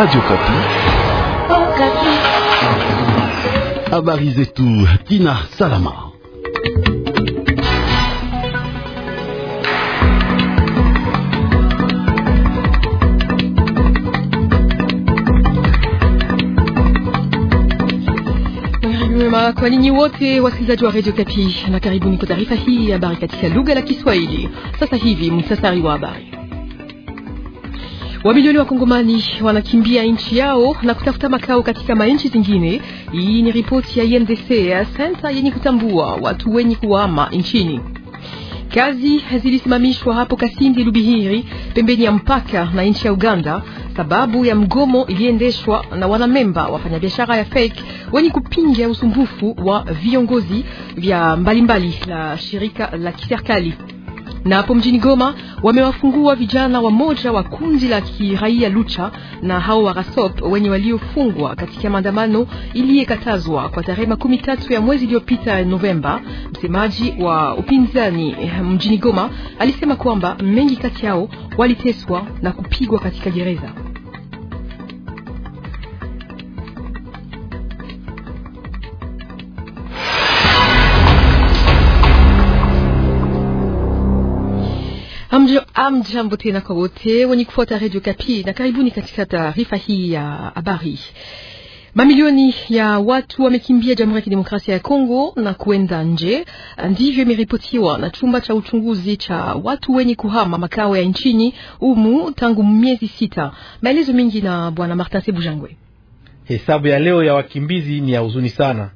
Radio Kapi. Oh, Kapi. Habari zetu Tina Salama. kwa ninyi wote wasikilizaji wa Radio Kapi na karibuni kwa taarifa hii ya habari katika lugha la Kiswahili. Sasa hivi msasari wa habari. Wamilioni wa Kongomani wanakimbia nchi yao na kutafuta makao katika manchi zingine. Hii ni ripoti ya INDC ya senta yenye kutambua watu wenye kuhama nchini. Kazi zilisimamishwa hapo Kasindi Lubihiri, pembeni ya mpaka na nchi ya Uganda, sababu ya mgomo iliendeshwa na wanamemba wafanyabiashara ya fake wenye kupinga usumbufu wa viongozi vya mbalimbali la shirika la kiserikali. Na hapo mjini Goma wamewafungua vijana wa moja wa kundi la kiraia Lucha na hao wa Rasop wenye waliofungwa katika maandamano iliyekatazwa kwa tarehe makumi tatu ya mwezi iliyopita Novemba. Msemaji wa upinzani mjini Goma alisema kwamba mengi kati yao waliteswa na kupigwa katika gereza. Ndio, amjambo tena kwa wote wenye kufuata Radio Kapi na karibuni katika taarifa hii ya habari. Mamilioni ya watu wamekimbia Jamhuri ya Kidemokrasia ya Kongo na kuenda nje, ndivyo imeripotiwa na chumba cha uchunguzi cha watu wenye kuhama makao ya nchini humu tangu miezi sita. Maelezo mengi na Bwana Martin Sebujangwe. Hesabu ya leo ya wakimbizi ni ya huzuni sana.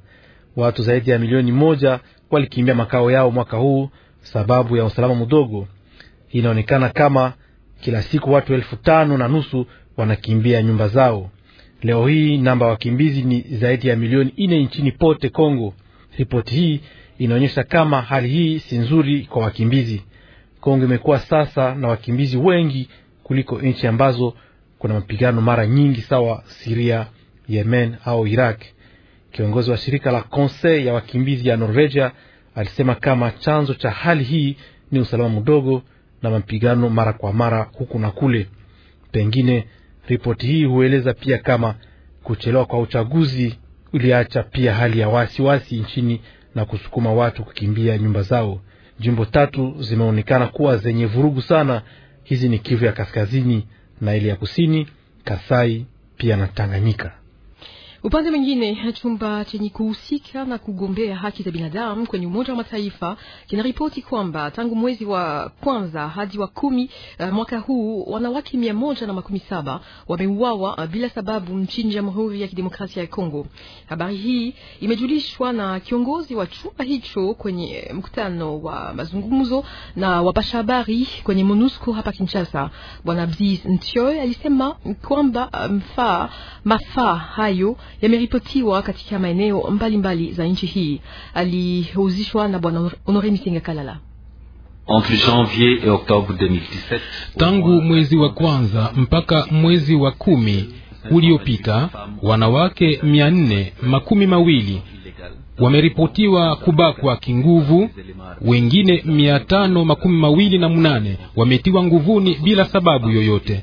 Watu zaidi ya milioni moja walikimbia makao yao mwaka huu sababu ya usalama mdogo inaonekana kama kila siku watu elfu tano na nusu wanakimbia nyumba zao. Leo hii namba wakimbizi ni zaidi ya milioni ine nchini pote Kongo. Ripoti hii inaonyesha kama hali hii si nzuri kwa wakimbizi. Kongo imekuwa sasa na wakimbizi wengi kuliko nchi ambazo kuna mapigano mara nyingi sawa Siria, Yemen au Iraq. Kiongozi wa shirika la Conseil ya wakimbizi ya Norvegia alisema kama chanzo cha hali hii ni usalama mdogo na mapigano mara kwa mara huku na kule. Pengine ripoti hii hueleza pia kama kuchelewa kwa uchaguzi uliacha pia hali ya wasiwasi wasi nchini na kusukuma watu kukimbia nyumba zao. Jimbo tatu zimeonekana kuwa zenye vurugu sana. Hizi ni Kivu ya Kaskazini na ile ya Kusini, Kasai pia na Tanganyika. Upande mwingine, chumba chenye kuhusika na kugombea haki za binadamu kwenye Umoja wa Mataifa kinaripoti kwamba tangu mwezi wa kwanza hadi wa kumi uh, mwaka huu wanawake mia moja na makumi saba wameuawa uh, bila sababu nchini Jamhuri ya Kidemokrasia ya Kongo. Habari hii imejulishwa na kiongozi wa chumba hicho kwenye eh, mkutano wa mazungumzo na wapasha habari kwenye MONUSCO hapa Kinshasa. Bwana Bzis Ntioe alisema kwamba mfaa mafaa hayo yameripotiwa katika maeneo mbalimbali za nchi hii. Alihuzishwa na bwana Honore misinga Kalala. Entre janvier et octobre 2017, tangu mwezi wa kwanza mpaka mwezi wa kumi uliopita wanawake mia nne makumi mawili wameripotiwa kubakwa kinguvu, wengine mia tano makumi mawili na munane wametiwa nguvuni bila sababu yoyote.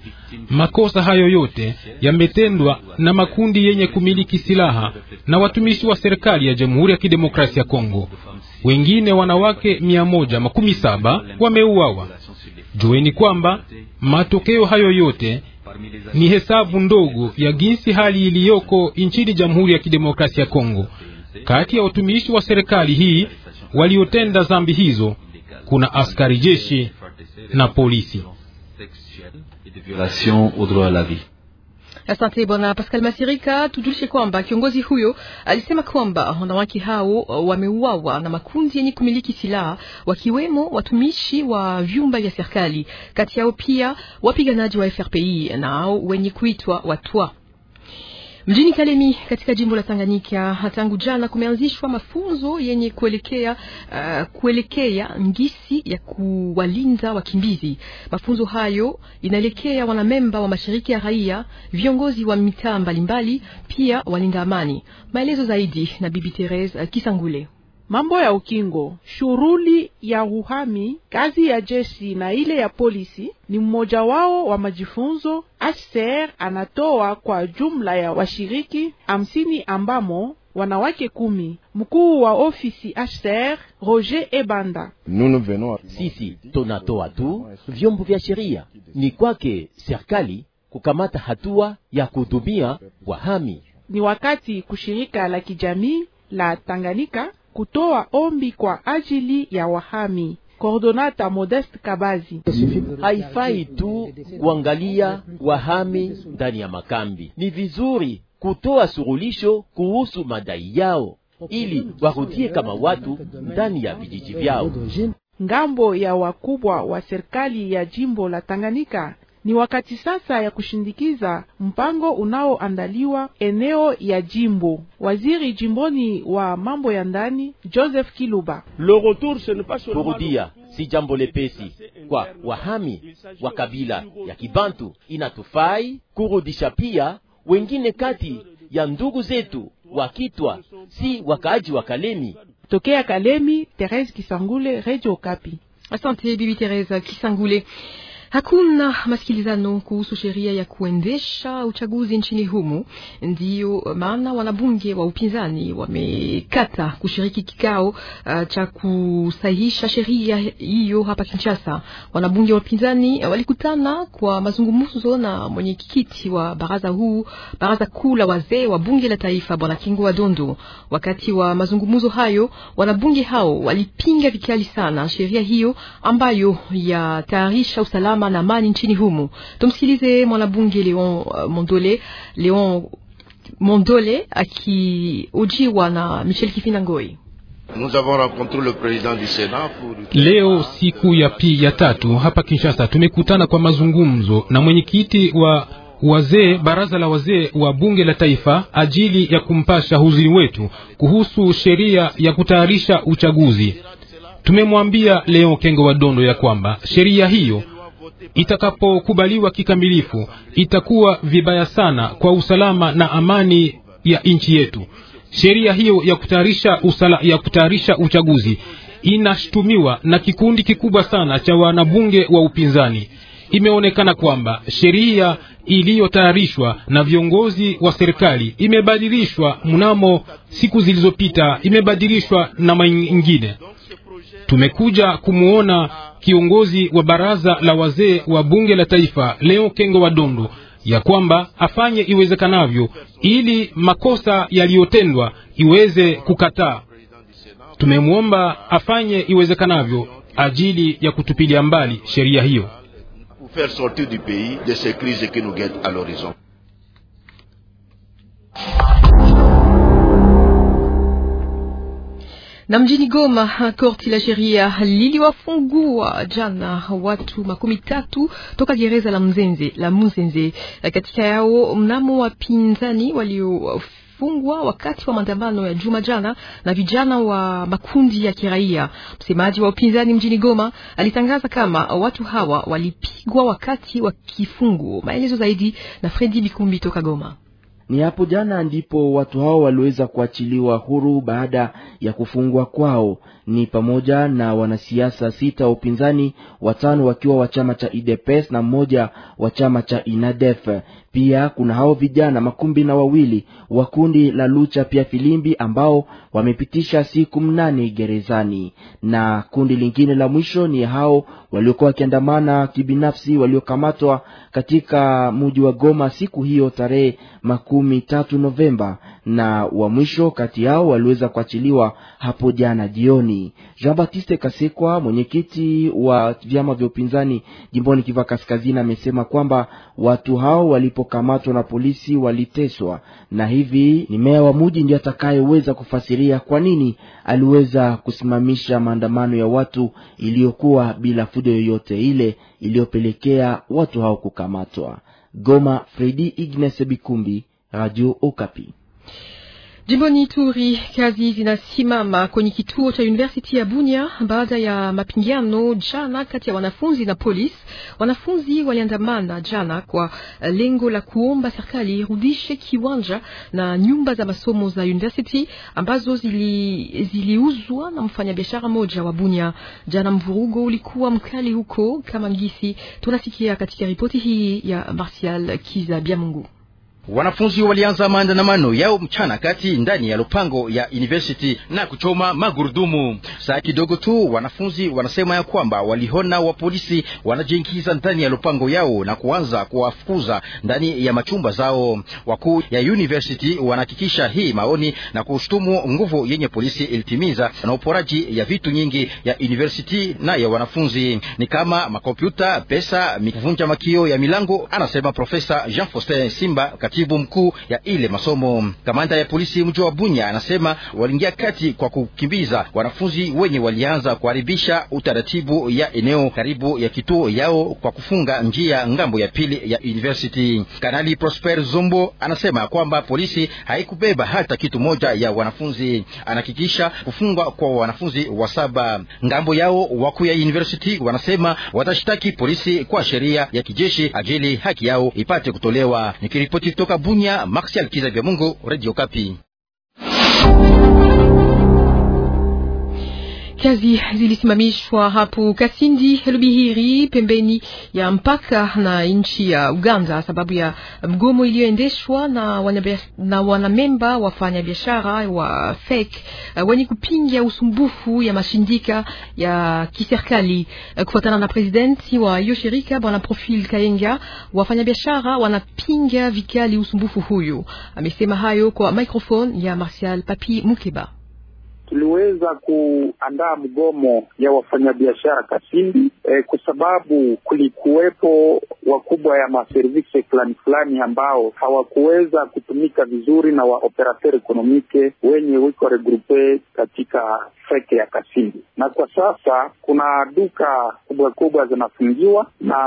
Makosa hayo yote yametendwa na makundi yenye kumiliki silaha na watumishi wa serikali ya Jamhuri ya Kidemokrasia ya Kongo. Wengine wanawake mia moja makumi saba wameuawa. Jueni kwamba matokeo hayo yote ni hesabu ndogo ya jinsi hali iliyoko nchini Jamhuri ya Kidemokrasia ya Kongo. Kati ya watumishi wa serikali hii waliotenda zambi hizo kuna askari jeshi na polisi. Asante Bwana Pascal Masirika. Tujulishe kwamba kiongozi huyo alisema kwamba wanawake hao wameuawa na makundi yenye kumiliki silaha wakiwemo watumishi wa vyumba vya serikali, kati yao pia wapiganaji wa FRPI nao wenye kuitwa watwa Mjini Kalemi katika jimbo la Tanganyika tangu jana kumeanzishwa mafunzo yenye kuelekea uh, kuelekea ngisi ya kuwalinda wakimbizi. Mafunzo hayo inaelekea wanamemba wa mashirika ya raia, viongozi wa mitaa mbalimbali, pia walinda amani. Maelezo zaidi na Bibi Therese Kisangule mambo ya ukingo, shughuli ya uhami, kazi ya jeshi na ile ya polisi ni mmoja wao wa majifunzo HCR anatoa kwa jumla ya washiriki hamsini ambamo wanawake kumi. Mkuu wa ofisi HCR Roger Ebanda: sisi tunatoa tu vyombo vya sheria, ni kwake serikali kukamata hatua ya kuhudumia wahami. Ni wakati kushirika la kijamii la Tanganyika kutoa ombi kwa ajili ya wahami. Kordonata Modeste Kabazi. Haifai tu kuangalia wahami ndani ya makambi, ni vizuri kutoa surulisho kuhusu madai yao ili warudie kama watu ndani ya vijiji vyao. Ngambo ya wakubwa wa serikali ya jimbo la Tanganyika ni wakati sasa ya kushindikiza mpango unaoandaliwa eneo ya jimbo. Waziri jimboni wa mambo ya ndani Joseph Kiluba: kurudia si jambo lepesi kwa wahami wa kabila ya Kibantu, inatufai kurudisha pia wengine kati ya ndugu zetu wakitwa si wakaaji wa Kalemi. Tokea Kalemi, Therese Kisangule, Radio Kapi. Asante Bibi Therese Kisangule. Hakuna masikilizano kuhusu sheria ya kuendesha uchaguzi nchini humo. Ndiyo maana wanabunge wa upinzani wamekata kushiriki kikao uh, cha kusahihisha sheria hiyo hapa Kinshasa. Wanabunge wa upinzani walikutana kwa mazungumzo na mwenyekiti wa baraza huu baraza kuu la wazee wa bunge la taifa Bwana Kingu wa Dondo. Wakati wa mazungumzo hayo, wanabunge hao walipinga vikali sana sheria hiyo ambayo yatayarisha usalama usalama na amani nchini humo. Tumsikilize mwanabunge Leon uh, Mondole, Leon Mondole akihojiwa na Michel Kifina Ngoi. Leo siku ya pi ya tatu hapa Kinshasa tumekutana kwa mazungumzo na mwenyekiti wa wazee baraza la wazee wa bunge la taifa ajili ya kumpasha huzuni wetu kuhusu sheria ya kutayarisha uchaguzi. Tumemwambia Leon Kengo wa Dondo ya kwamba sheria hiyo itakapokubaliwa kikamilifu, itakuwa vibaya sana kwa usalama na amani ya nchi yetu. Sheria hiyo ya kutayarisha usala, ya kutayarisha uchaguzi inashutumiwa na kikundi kikubwa sana cha wanabunge wa upinzani. Imeonekana kwamba sheria iliyotayarishwa na viongozi wa serikali imebadilishwa mnamo siku zilizopita, imebadilishwa na mengine. Tumekuja kumwona kiongozi wa baraza la wazee wa bunge la taifa Leo Kengo wa Dondo ya kwamba afanye iwezekanavyo ili makosa yaliyotendwa iweze kukataa. Tumemwomba afanye iwezekanavyo ajili ya kutupilia mbali sheria hiyo. Na mjini Goma, korti la sheria liliwafungua jana watu makumi tatu toka gereza la Mzenze la Muzenze, katika yao mnamo wapinzani walio fungwa wakati wa maandamano ya juma jana na vijana wa makundi ya kiraia. Msemaji wa upinzani mjini Goma alitangaza kama watu hawa walipigwa wakati wa kifungo. Maelezo zaidi na Fredi Bikumbi toka Goma. Ni hapo jana ndipo watu hao waliweza kuachiliwa huru baada ya kufungwa kwao, ni pamoja na wanasiasa sita wa upinzani, watano wakiwa wa chama cha UDPS na mmoja wa chama cha INADEF. Pia kuna hao vijana makumbi na wawili wa kundi la Lucha pia Filimbi ambao wamepitisha siku mnane gerezani, na kundi lingine la mwisho ni hao waliokuwa wakiandamana kibinafsi waliokamatwa katika mji wa Goma siku hiyo tarehe makumi tatu Novemba na wa mwisho kati yao waliweza kuachiliwa hapo jana jioni. Jean Baptiste Kasekwa, mwenyekiti wa vyama vya upinzani jimboni Kiva Kaskazini, amesema kwamba watu hao walipokamatwa na polisi waliteswa, na hivi ni meya wa muji ndiye atakayeweza kufasiria kwa nini aliweza kusimamisha maandamano ya watu iliyokuwa bila fujo yoyote ile iliyopelekea watu hao kukamatwa. Goma, Fredi Ignace Bikumbi, Radio Okapi. Jimboni Ituri kazi zinasimama kwenye kituo cha university ya Bunia baada ya mapingano jana kati ya wanafunzi na polisi. Wanafunzi waliandamana jana kwa eh, lengo la kuomba serikali irudishe kiwanja na nyumba za masomo za university ambazo ziliuzwa zili na mfanyabiashara moja wa Bunia. Jana mvurugo ulikuwa mkali huko kama ngisi tunasikia katika ripoti hii ya Martial Kiza Biamungu. Wanafunzi walianza maandamano yao mchana kati ndani ya lupango ya university na kuchoma magurudumu. Saa kidogo tu wanafunzi wanasema ya kwamba waliona wapolisi wanajiingiza ndani ya lupango yao na kuanza kuwafukuza ndani ya machumba zao. Wakuu ya university wanahakikisha hii maoni na kushutumu nguvu yenye polisi ilitimiza na uporaji ya vitu nyingi ya university na ya wanafunzi, ni kama makompyuta, pesa, mivunja makio ya milango, anasema Profesa Jean Faustin Simba katibu mkuu ya ile masomo. Kamanda ya polisi mji wa Bunya anasema waliingia kati kwa kukimbiza wanafunzi wenye walianza kuharibisha utaratibu ya eneo karibu ya kituo yao kwa kufunga njia ngambo ya pili ya university. Kanali Prosper Zombo anasema kwamba polisi haikubeba hata kitu moja ya wanafunzi. Anahakikisha kufungwa kwa wanafunzi wa saba ngambo yao. Wakuu ya university wanasema watashtaki polisi kwa sheria ya kijeshi ajili haki yao ipate kutolewa. Nikiripoti Toka Bunya, Martial Kizabia Mungu, Radio Kapi kazi zilisimamishwa hapo Kasindi Lubihiri pembeni ya mpaka na nchi ya Uganda sababu ya mgomo iliyoendeshwa na wanabia, na wanamemba biashara wa fake eh, wenye kupinga usumbufu ya mashindika ya kiserikali. Eh, kufuatana na presidenti wa hiyo shirika Bwana Profil Kayenga, wafanya biashara wanapinga vikali usumbufu huyu. Amesema hayo kwa microphone ya Martial Papi Mukeba tuliweza kuandaa mgomo ya wafanyabiashara Kasindi e, kwa sababu kulikuwepo wakubwa ya maservise fulani fulani ambao hawakuweza kutumika vizuri na waoperateur ekonomike wenye wiko regroupe katika feke ya Kasindi, na kwa sasa kuna duka kubwa kubwa zinafungiwa, na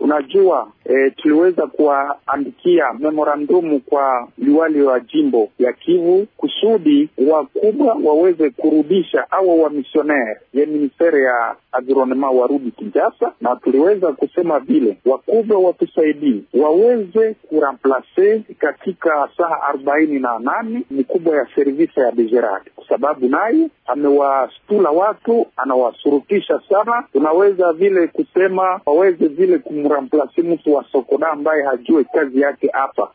unajua e, tuliweza kuwaandikia memorandumu kwa liwali wa jimbo ya Kivu kusudi wakubwa waweze kurudisha au wamisionere ya ministeri ya agronema warudi Kinshasa, na tuliweza kusema vile wakubwa watusaidii waweze kuramplase katika saa arobaini na nane mikubwa ya servisa ya Bejerad, kwa sababu naye amewastula watu, anawasurutisha sana tunaweza hata vile kusema waweze vile kumramplase mtu wa Sokoda ambaye hajue kazi yake hapa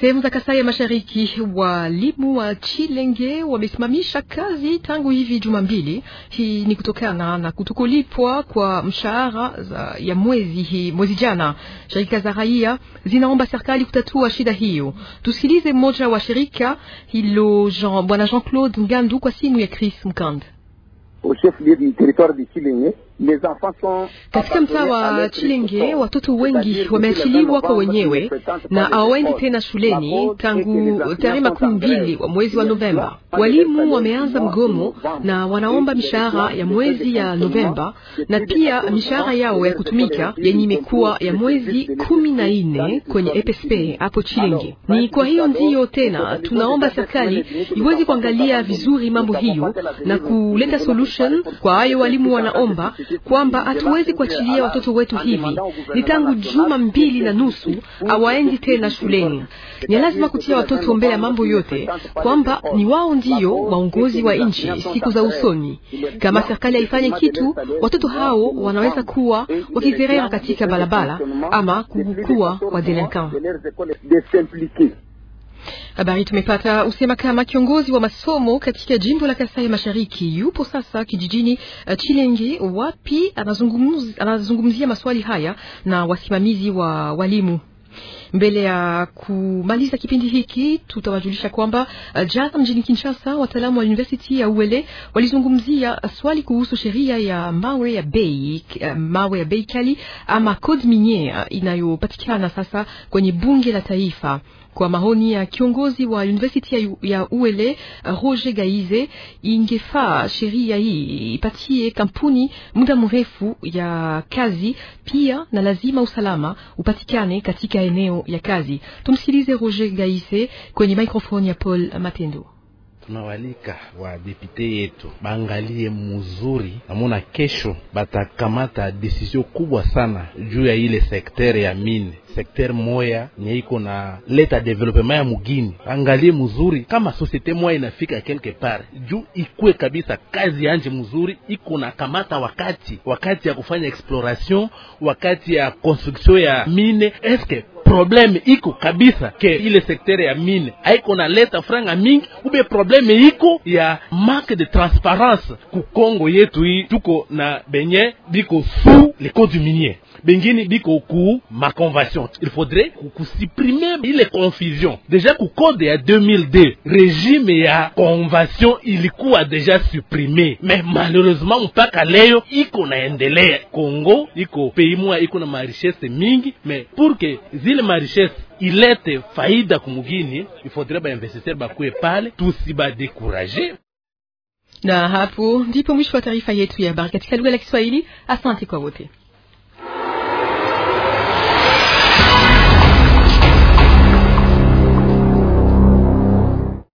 sehemu za Kasai ya Mashariki, walimu wa Chilenge wamesimamisha kazi tangu hivi juma mbili. Hii ni kutokana na kutokulipwa kwa mshahara ya mwezi hii mwezi jana. Shirika za raia zinaomba serikali kutatua shida hiyo. Tusikilize mmoja wa shirika hilo, Jean Bwana Jean Claude Ngandu kwa simu ya Chris Mkande. au chef lieu du territoire de Kilingé Katika mtaa wa Chilenge watoto wengi wameachiliwa kwa wenyewe na hawaendi tena shuleni tangu tarehe makumi mbili wa mwezi wa Novemba. Walimu wameanza mgomo na wanaomba mishahara ya mwezi ya Novemba na pia mishahara yao ya kutumika yenye imekuwa ya mwezi kumi na nne kwenye EPSP e hapo Chilenge. Ni kwa hiyo ndiyo tena tunaomba serikali iweze kuangalia vizuri mambo hiyo na kuleta solution kwa hayo walimu wanaomba kwamba hatuwezi kuachilia watoto wetu hivi. Ni tangu juma mbili na nusu hawaendi tena shuleni. Ni lazima kutia watoto mbele ya mambo yote, kwamba ni wao ndiyo waongozi wa nchi siku za usoni. Kama serikali haifanye kitu, watoto hao wanaweza kuwa wakizerera katika barabara ama kwa delinquant. Habari tumepata usema kama kiongozi wa masomo katika jimbo la Kasai Mashariki yupo sasa kijijini uh, Chilenge wapi anazungumzia maswali haya na wasimamizi wa walimu. Mbele ya kumaliza kipindi hiki, tutawajulisha kwamba uh, jana mjini Kinshasa wataalamu wa University ya Uele walizungumzia swali kuhusu sheria ya mawe ya bei uh, mawe ya bei kali ama code minier uh, inayopatikana sasa kwenye bunge la taifa. Kwa maoni ya kiongozi wa University ya Uele uh, Roger Gaize, ingefaa sheria hii ipatie kampuni muda mrefu ya kazi, pia na lazima usalama upatikane katika eneo ya kazi. Tumsikilize Roger Gaise kwenye mikrofoni ya Paul Matendo. Tunawalika wa depute yetu baangalie mzuri, namona kesho batakamata desizio kubwa sana juu ya ile sektere ya mine sekter moya nye iko na leta development ya mugini, angalie mzuri kama sosiete moya inafika quelque part juu ikue kabisa kazi yanje mzuri, iko na kamata wakati wakati ya kufanya exploration, wakati ya construction ya mine eske probleme iko kabisa ke ile sektere ya mine haiko na leta franga mingi, ube probleme iko ya manque de transparence ku Kongo yetu hii, tuko na benye biko sous le code minier bengine biko ku maconvention il faudrait kusuprime ile confusion déjà ku code ya 2002 régime ya convention ilikuwa déjà supprimé. Mais malheureusement mpaka leo iko naendelea congo iko pays moya iko na richesse mingi Mais pour que zile marichesse ilete faida kumugini ifaudrait bainvestisseur ben bakuwe pale tusibadekuraje na hapo ndipo mwisho wa taarifa yetu ya habari katika lugha la Kiswahili. Asante kwa wote.